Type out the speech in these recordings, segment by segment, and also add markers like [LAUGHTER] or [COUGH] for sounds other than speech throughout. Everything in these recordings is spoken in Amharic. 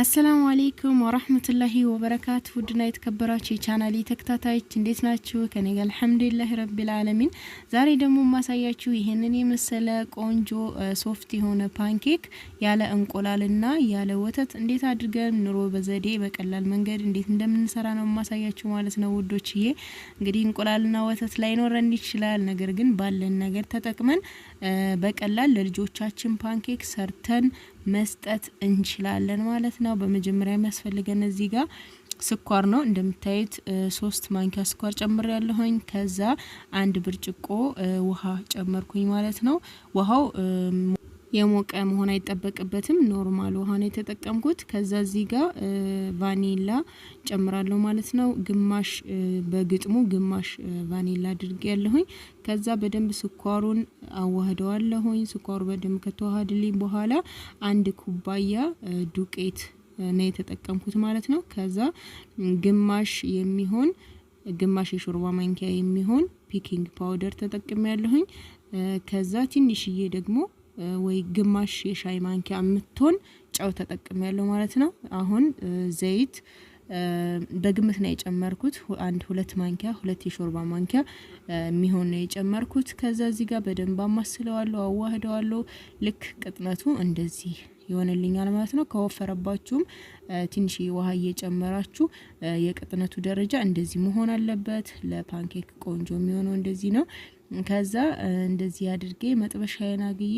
አሰላሙ አሌይኩም ወራህመቱላሂ ወበረካቱ ውድና የተከበራችሁ የቻናሌ ተከታታዮች እንዴት ናችሁ? ከኔ ጋር አልሐምዱሊላህ ረቢል ዛሬ ደግሞ የማሳያችሁ ይህንን የመሰለ ቆንጆ ሶፍት የሆነ ፓንኬክ ያለ እንቁላልና ያለ ወተት እንዴት አድርገን ኑሮ በዘዴ በቀላል መንገድ እንዴት እንደምንሰራ ነው የማሳያችሁ ማለት ነው ውዶችዬ። እንግዲህ እንቁላልና ወተት ላይኖረን ይችላል። ነገር ግን ባለን ነገር ተጠቅመን በቀላል ለልጆቻችን ፓንኬክ ሰርተን መስጠት እንችላለን ማለት ነው። በመጀመሪያ የሚያስፈልገን እዚህ ጋር ስኳር ነው። እንደምታዩት ሶስት ማንኪያ ስኳር ጨምር ያለሁኝ። ከዛ አንድ ብርጭቆ ውሃ ጨመርኩኝ ማለት ነው። ውሃው የሞቀ መሆን አይጠበቅበትም። ኖርማል ውሃ ነው የተጠቀምኩት። ከዛ እዚህ ጋር ቫኒላ ጨምራለሁ ማለት ነው። ግማሽ በግጥሙ ግማሽ ቫኒላ አድርጌ ያለሁኝ። ከዛ በደንብ ስኳሩን አዋህደዋለሁኝ። ስኳሩ በደንብ ከተዋህድልኝ በኋላ አንድ ኩባያ ዱቄት ነው የተጠቀምኩት ማለት ነው። ከዛ ግማሽ የሚሆን ግማሽ የሾርባ ማንኪያ የሚሆን ፒኪንግ ፓውደር ተጠቅሜ ያለሁኝ። ከዛ ትንሽዬ ደግሞ ወይ ግማሽ የሻይ ማንኪያ የምትሆን ጨው ተጠቅም ያለው ማለት ነው። አሁን ዘይት በግምት ነው የጨመርኩት። አንድ ሁለት ማንኪያ ሁለት የሾርባ ማንኪያ የሚሆን ነው የጨመርኩት። ከዛ እዚህ ጋር በደንብ አማስለዋለሁ፣ አዋህደዋለሁ። ልክ ቅጥነቱ እንደዚህ ይሆንልኛል ማለት ነው። ከወፈረባችሁም ትንሽ ውሃ እየጨመራችሁ የቅጥነቱ ደረጃ እንደዚህ መሆን አለበት። ለፓንኬክ ቆንጆ የሚሆነው እንደዚህ ነው። ከዛ እንደዚህ አድርጌ መጥበሻዬን አግዬ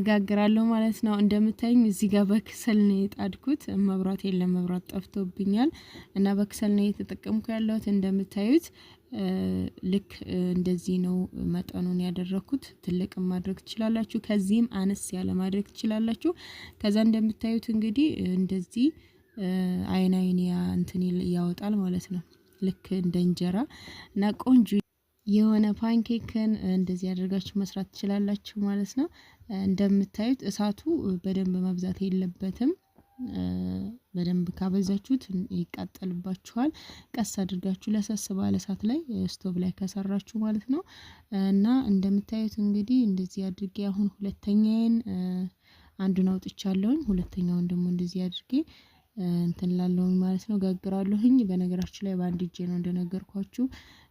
እጋግራለሁ ማለት ነው። እንደምታዩኝ እዚህ ጋር በክሰል ነው የጣድኩት። መብራት የለም፣ መብራት ጠፍቶብኛል እና በክሰል ነው የተጠቀምኩ ያለሁት። እንደምታዩት ልክ እንደዚህ ነው መጠኑን ያደረኩት። ትልቅ ማድረግ ትችላላችሁ፣ ከዚህም አነስ ያለ ማድረግ ትችላላችሁ። ከዛ እንደምታዩት እንግዲህ እንደዚህ አይን አይን እንትን ያወጣል ማለት ነው ልክ እንደ እንጀራ እና ቆንጆ የሆነ ፓንኬክን እንደዚህ ያደርጋችሁ መስራት ትችላላችሁ ማለት ነው። እንደምታዩት እሳቱ በደንብ መብዛት የለበትም። በደንብ ካበዛችሁት ይቃጠልባችኋል። ቀስ አድርጋችሁ ለሰስ ባለ እሳት ላይ ስቶቭ ላይ ከሰራችሁ ማለት ነው። እና እንደምታዩት እንግዲህ እንደዚህ አድርጌ አሁን ሁለተኛዬን አንዱን አውጥቻለሁኝ። ሁለተኛውን ደግሞ እንደዚህ አድርጌ እንትን ላለሁኝ ማለት ነው፣ ጋግራለሁኝ። በነገራችሁ ላይ በአንድ እጄ ነው እንደነገርኳችሁ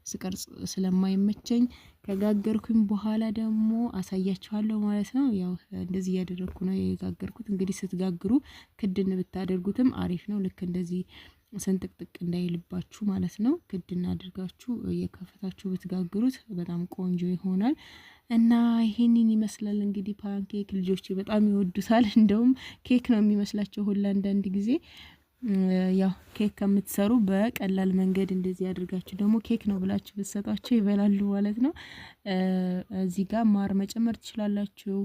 ስቀርጽ ስለማይመቸኝ ከጋገርኩኝ በኋላ ደግሞ አሳያችኋለሁ ማለት ነው። ያው እንደዚህ እያደረግኩ ነው የጋገርኩት። እንግዲህ ስትጋግሩ ክድን ብታደርጉትም አሪፍ ነው። ልክ እንደዚህ ስንጥቅጥቅ እንዳይልባችሁ ማለት ነው። ክድን አድርጋችሁ እየከፈታችሁ ብትጋግሩት በጣም ቆንጆ ይሆናል። እና ይሄንን ይመስላል እንግዲህ ፓንኬክ ልጆቼ በጣም ይወዱታል። [LAUGHS] እንደውም ኬክ ነው የሚመስላቸው ሁላ አንዳንድ ጊዜ ያው ኬክ ከምትሰሩ በቀላል መንገድ እንደዚህ አድርጋችሁ ደግሞ ኬክ ነው ብላችሁ ብትሰጧቸው ይበላሉ ማለት ነው። እዚህ ጋር ማር መጨመር ትችላላችሁ።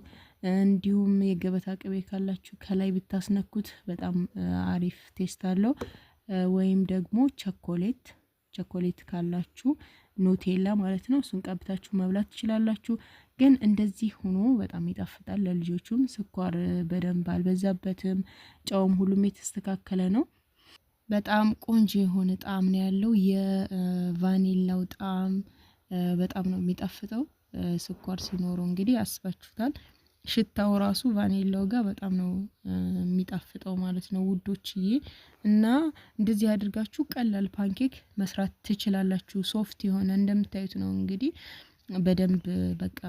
እንዲሁም የገበታ ቅቤ ካላችሁ ከላይ ብታስነኩት በጣም አሪፍ ቴስት አለው። ወይም ደግሞ ቸኮሌት ቸኮሌት ካላችሁ ኖቴላ ማለት ነው እሱን ቀብታችሁ መብላት ትችላላችሁ። ግን እንደዚህ ሆኖ በጣም ይጣፍጣል። ለልጆቹም ስኳር በደንብ አልበዛበትም፣ ጨውም ሁሉም የተስተካከለ ነው። በጣም ቆንጆ የሆነ ጣዕም ነው ያለው። የቫኒላው ጣዕም በጣም ነው የሚጣፍጠው። ስኳር ሲኖረው እንግዲህ አስባችሁታል። ሽታው ራሱ ቫኒላው ጋር በጣም ነው የሚጣፍጠው ማለት ነው ውዶችዬ። እና እንደዚህ አድርጋችሁ ቀላል ፓንኬክ መስራት ትችላላችሁ። ሶፍት የሆነ እንደምታዩት ነው እንግዲህ በደንብ በቃ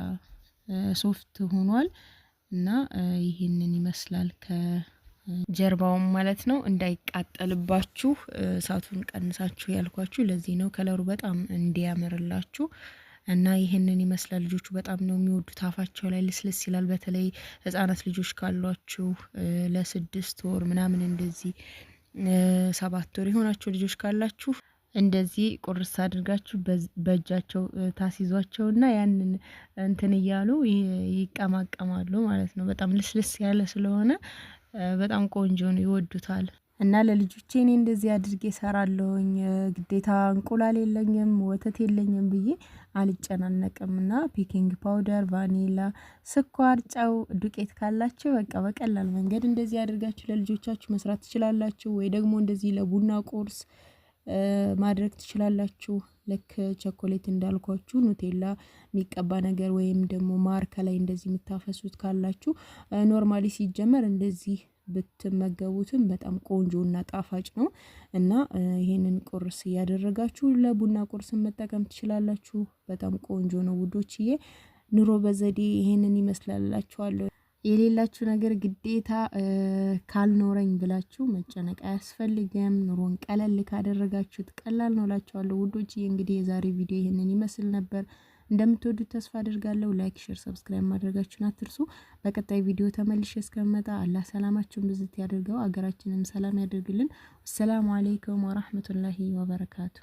ሶፍት ሆኗል እና ይህንን ይመስላል ከጀርባውም ማለት ነው። እንዳይቃጠልባችሁ እሳቱን ቀንሳችሁ ያልኳችሁ ለዚህ ነው። ከለሩ በጣም እንዲያምርላችሁ እና ይህንን ይመስላል። ልጆቹ በጣም ነው የሚወዱት። አፋቸው ላይ ልስልስ ይላል። በተለይ ህጻናት ልጆች ካሏችሁ ለስድስት ወር ምናምን እንደዚህ ሰባት ወር የሆናቸው ልጆች ካላችሁ እንደዚህ ቁርስ አድርጋችሁ በእጃቸው ታስይዟቸው እና ያንን እንትን እያሉ ይቀማቀማሉ ማለት ነው። በጣም ልስልስ ያለ ስለሆነ በጣም ቆንጆ ነው፣ ይወዱታል። እና ለልጆቼ እኔ እንደዚህ አድርጌ ሰራለሁኝ። ግዴታ እንቁላል የለኝም ወተት የለኝም ብዬ አልጨናነቅም። እና ቤኪንግ ፓውደር፣ ቫኒላ፣ ስኳር፣ ጨው፣ ዱቄት ካላችሁ በቃ በቀላል መንገድ እንደዚህ አድርጋችሁ ለልጆቻችሁ መስራት ትችላላችሁ። ወይ ደግሞ እንደዚህ ለቡና ቁርስ ማድረግ ትችላላችሁ። ልክ ቸኮሌት እንዳልኳችሁ ኑቴላ የሚቀባ ነገር ወይም ደግሞ ማር ከላይ እንደዚህ የምታፈሱት ካላችሁ ኖርማሊ ሲጀመር እንደዚህ ብትመገቡትም በጣም ቆንጆ እና ጣፋጭ ነው እና ይሄንን ቁርስ እያደረጋችሁ ለቡና ቁርስ መጠቀም ትችላላችሁ። በጣም ቆንጆ ነው ውዶችዬ። ኑሮ በዘዴ ይሄንን ይመስላላችኋለሁ። የሌላችሁ ነገር ግዴታ ካልኖረኝ ብላችሁ መጨነቅ አያስፈልግም። ኑሮን ቀለል ካደረጋችሁት ቀላል ኖላችኋለሁ። ውዶች። እንግዲህ የዛሬ ቪዲዮ ይህንን ይመስል ነበር። እንደምትወዱት ተስፋ አድርጋለሁ። ላይክ፣ ሼር፣ ሰብስክራይብ ማድረጋችሁን አትርሱ። በቀጣይ ቪዲዮ ተመልሼ እስከመጣ አላህ ሰላማችሁን ብዝት ያደርገው፣ አገራችንም ሰላም ያደርግልን አሰላሙ አሌይኩም ወራህመቱላሂ ወበረካቱ